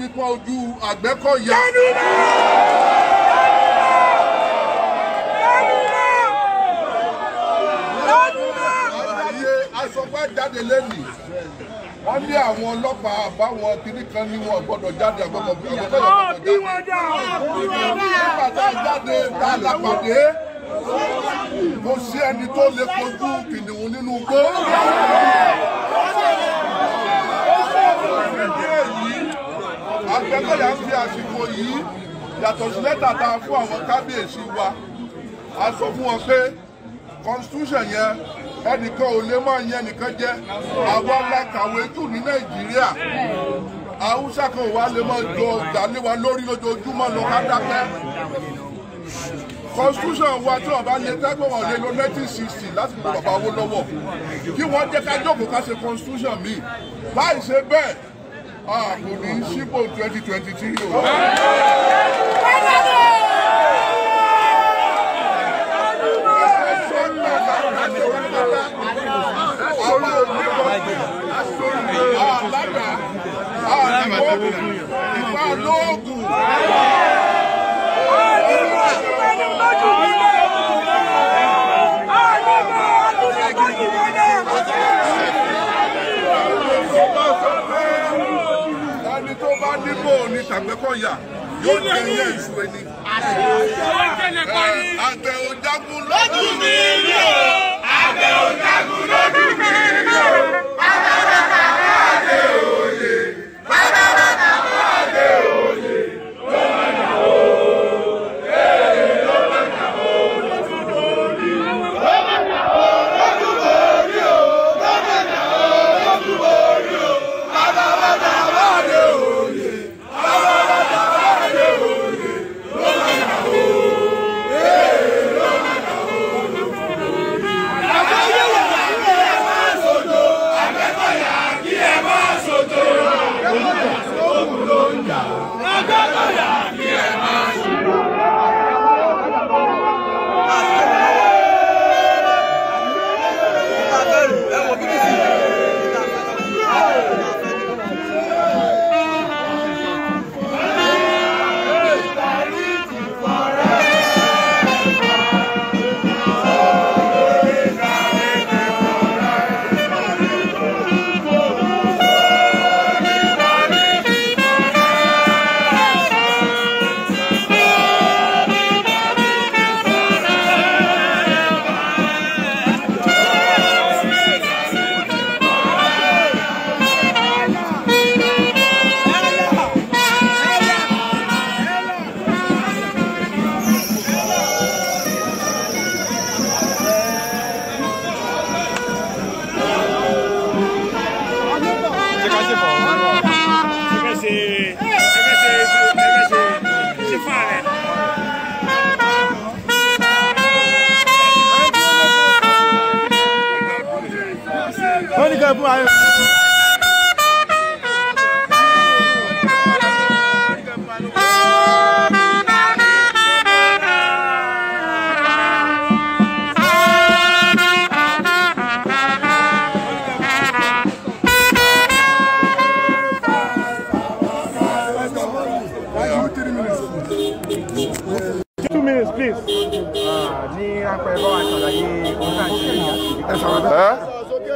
pípọ́n ojú Àgbẹ̀kọ̀yà. Jẹ́nìlá! Jẹ́nìlá! Jẹ́nìlá! Jẹ́nìlá! Àgbáyé asọ́pá jáde lẹ́nìí. Wọ́n ní àwọn ọlọ́pàá àbáwọn kiri kan ní wọn gbọ́dọ̀ jáde àgbọ̀gbọ̀ bí wọ́n gbọ́dọ̀ jáde. Bí wọ́n dà! Bí wọ́n jáde tá a làpàdé. Kò ẹni tó lè kojú kìnìún nínú igbó. Àgbẹ̀kọ̀yà ń fi àsìkò yìí yàtọ̀ sí lẹ́tà tá a fún àwọn kábíyèsí wa a sọ fún wọn pé constitution yẹn ẹnìkan ò lè máa yẹn nìkan jẹ àwa la kàwé jù ní Nàìjíríà Haúsá kan ò wá lè máa jọ ìgbàléwa lórí lójoojúmọ́ lọ ká dákẹ́ constitution wa tí wọn bá lè tẹ́gbọ̀n wọn lè lo nineteen sixty láti gbọ́ bàbá owó lọ́wọ́ kí wọ́n jẹ́ ká jókòó ká ṣe constitution míì láì ṣe bẹ́ẹ̀ ààbò ah, ní sípò twenty twenty three o. àgbẹ̀kọ̀yà yóò tẹ̀yẹ ìṣúre ni. àtẹ òjágun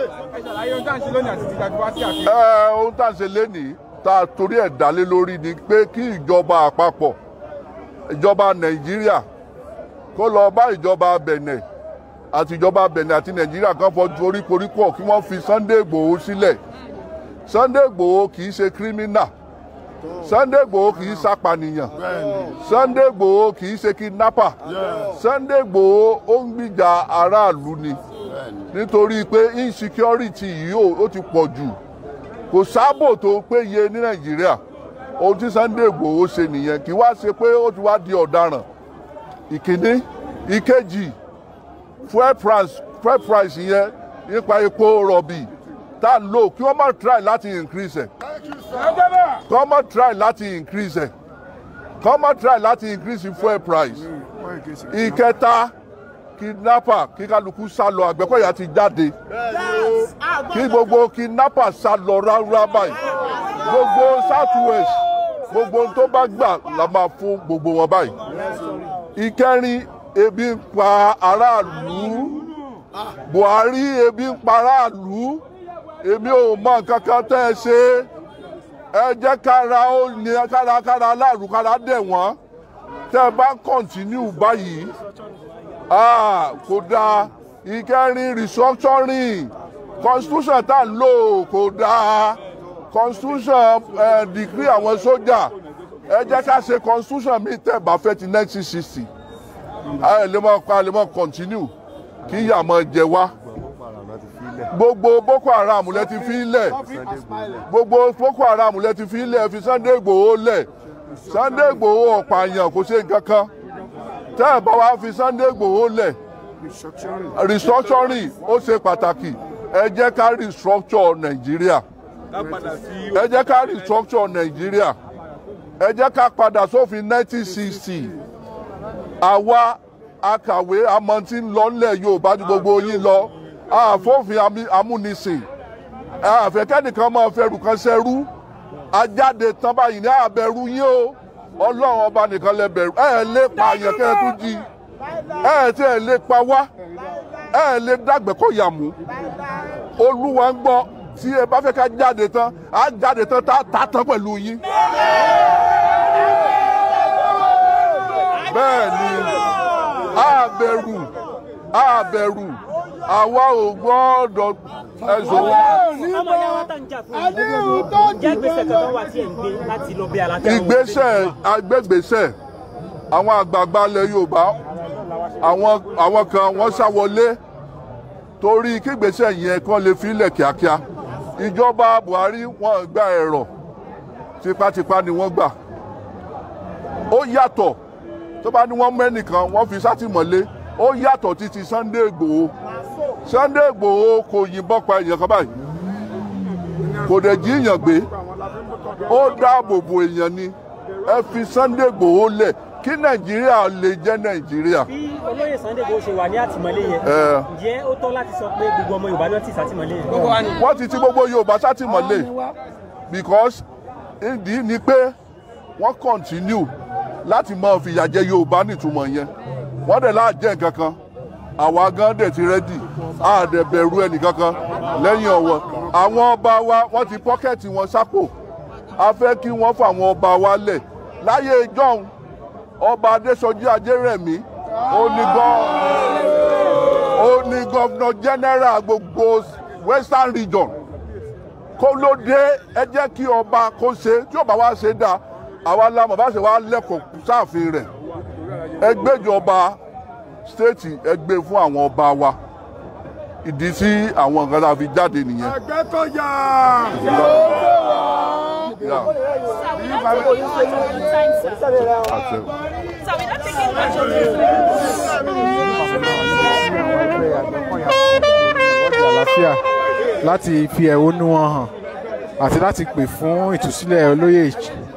Eh, ohun tá à ń ṣe lénìí tá a torí ẹ̀ dálé lórí ni pé kí ìjọba àpapọ̀ ìjọba nàìjíríà kó lọ bá ìjọba bẹ̀nẹ̀ àti ìjọba bẹ̀nẹ̀ àti nàìjíríà kan fọ orí koríko kí wọ́n fi Sunday Igboho sílẹ̀ Sunday Igboho kì í ṣe kírímínà. Sunday Igboho kì í ṣàpànìyàn Sunday Igboho kì í ṣe kidnapper Sunday Igboho ó ń gbìjà aráàlú ni nítorí pé insecurity yìí ó ti pọ̀ jù kò sábò tó péye ní Nàìjíríà ohun tí Sunday Igboho ṣe nìyẹn kì í wá ṣe pé ó ti wá di ọ̀daràn ìkíní ìkejì fuel price fuel price yẹn nípa epo rọ̀bì tá a lò kí wọ́n má try láti increase ẹ̀ kọ́mọ try láti increase ẹ̀ kọ́mọ try láti increase fuel price ìkẹta kidnapper kí kálukú sá lọ àgbẹ̀kọ̀yà ti jáde kí gbogbo kidnapper sá lọ ráúrá báyìí gbogbo south west gbogbo tó bá gbà la máa fún gbogbo wọn báyìí ìkẹrin ebi ń pa aráàlú Buhari ebi ń pa aráàlú èmi ò mọ nǹkan kan tẹ́ ẹ ṣe ẹ jẹ́ kára ó ní kára kára aláàrú kára dẹ̀ wọ́n tẹ́ ẹ bá kọ̀ǹtínú báyìí kò dáa ìkẹrin restructuring constitution tá à ń lò kò dáa constitution degree àwọn sójà ẹ jẹ́ ká ṣe constitution mi tẹ́ ẹ bá fẹ́ ti 1960. sixty ẹ lè mọ̀ ká lè mọ̀ continue kí ìyá jẹ wá. gbogbo boko haram lẹ ti fi lẹ̀ gbogbo boko haram lẹ ti fi lẹ̀ fi Sunday Igboho lẹ̀ Sunday Igboho ọ̀pààyàn kò ṣe nǹkan tẹ́ ẹ̀ bá wa fi Sunday Igboho lẹ̀ restructuring ó ṣe pàtàkì ẹ jẹ́ ká restructure Nàìjíríà ẹ jẹ́ ká restructure Nàìjíríà ẹ jẹ́ ká padà sófin 1960 àwa akàwé amọ̀ tí ń lọ ju gbogbo yín lọ. àfòfin amúnisìn àfẹ́kẹ́nìkan máa fẹ́rù kan ṣẹ́rú ajáde tán báyìí ní àbẹ̀rù yín o ọlọ́run ọba nìkan lẹ bẹ̀rù ẹ̀ lè pa àyàn kẹ́ ẹ tún jí ẹ̀ tí ẹ̀ lè pa wá ẹ̀ lè dàgbẹ́ kó yà mú olúwa ń gbọ́ tí ẹ bá fẹ́ ká jáde tán á jáde tán tá a tán pẹ̀lú yín. bẹ́ẹ̀ ni a bẹ̀rù a bẹ̀rù àwa ò gbọ́dọ̀ ẹ̀sùn wa. ìgbésẹ̀ agbègbèsẹ̀ àwọn àgbààgbà ilẹ̀ Yorùbá àwọn kan wọ́n sá wọlé torí kígbésẹ̀ yẹn kan lè filẹ̀ kíákíá ìjọba Buhari wọ́n gba ẹ̀rọ tipátipá ni wọ́n gbà ó yàtọ̀ tó bá ní wọ́n mẹ́nìkan wọ́n fi sátìmọ́lé ó yàtọ̀ títí Sunday Ìgbòho. Sunday Igboho kò yìnbọn pa èèyàn kan báyìí kò dẹ̀ jí èèyàn gbé ó dáàbò bo èèyàn ni ẹ fi Sunday Igboho lẹ̀ kí nàìjíríà lè jẹ́ nàìjíríà. bí olóyè Sunday Igboho ṣe wà ní àtìmọ́lé yẹn ǹjẹ́ ó tọ́ láti sọ pé gbogbo ọmọ yorùbá náà ti sátìmọ́lé yẹn. wọ́n ti ti gbogbo yorùbá sátìmọ́lé because ìdí ni pé wọ́n continue láti máa fìyà jẹ yorùbá nítumọ̀ yẹn wọ́n dẹ̀ láà jẹ́ nǹkan kan àwa gan dẹ̀ ti rẹ́dì a dẹ̀ bẹ̀rù ẹnì kankan lẹ́yìn ọ̀wọ́ àwọn ọba wa wọ́n ti pọ́kẹ́ẹ̀tì wọn sápò a fẹ́ kí wọ́n fà àwọn ọba wa lẹ̀ láyé ìjọ́un ọba adéṣọjí ajérẹ̀mí ó ní general gbogbo western region kó ló dé ẹ jẹ́ kí ọba kó ṣe tí ọba wa ṣe dáa àwa la mọ̀ bá ṣe wá lẹ́kọ̀ọ́ sáàfin rẹ̀ ẹgbẹ́jọba stéètì ẹgbẹ́ fún àwọn ọba wa ìdí sí àwọn nǹkan tá a fi jáde nìyẹn. ẹgbẹ́ tó yà á. Yeah. Sir, we're not taking much of your time, sir. Sir, we're not taking much of your time. láti fi ẹ̀hónú wọn hàn àti láti pè fún ìtúsílẹ̀ olóyè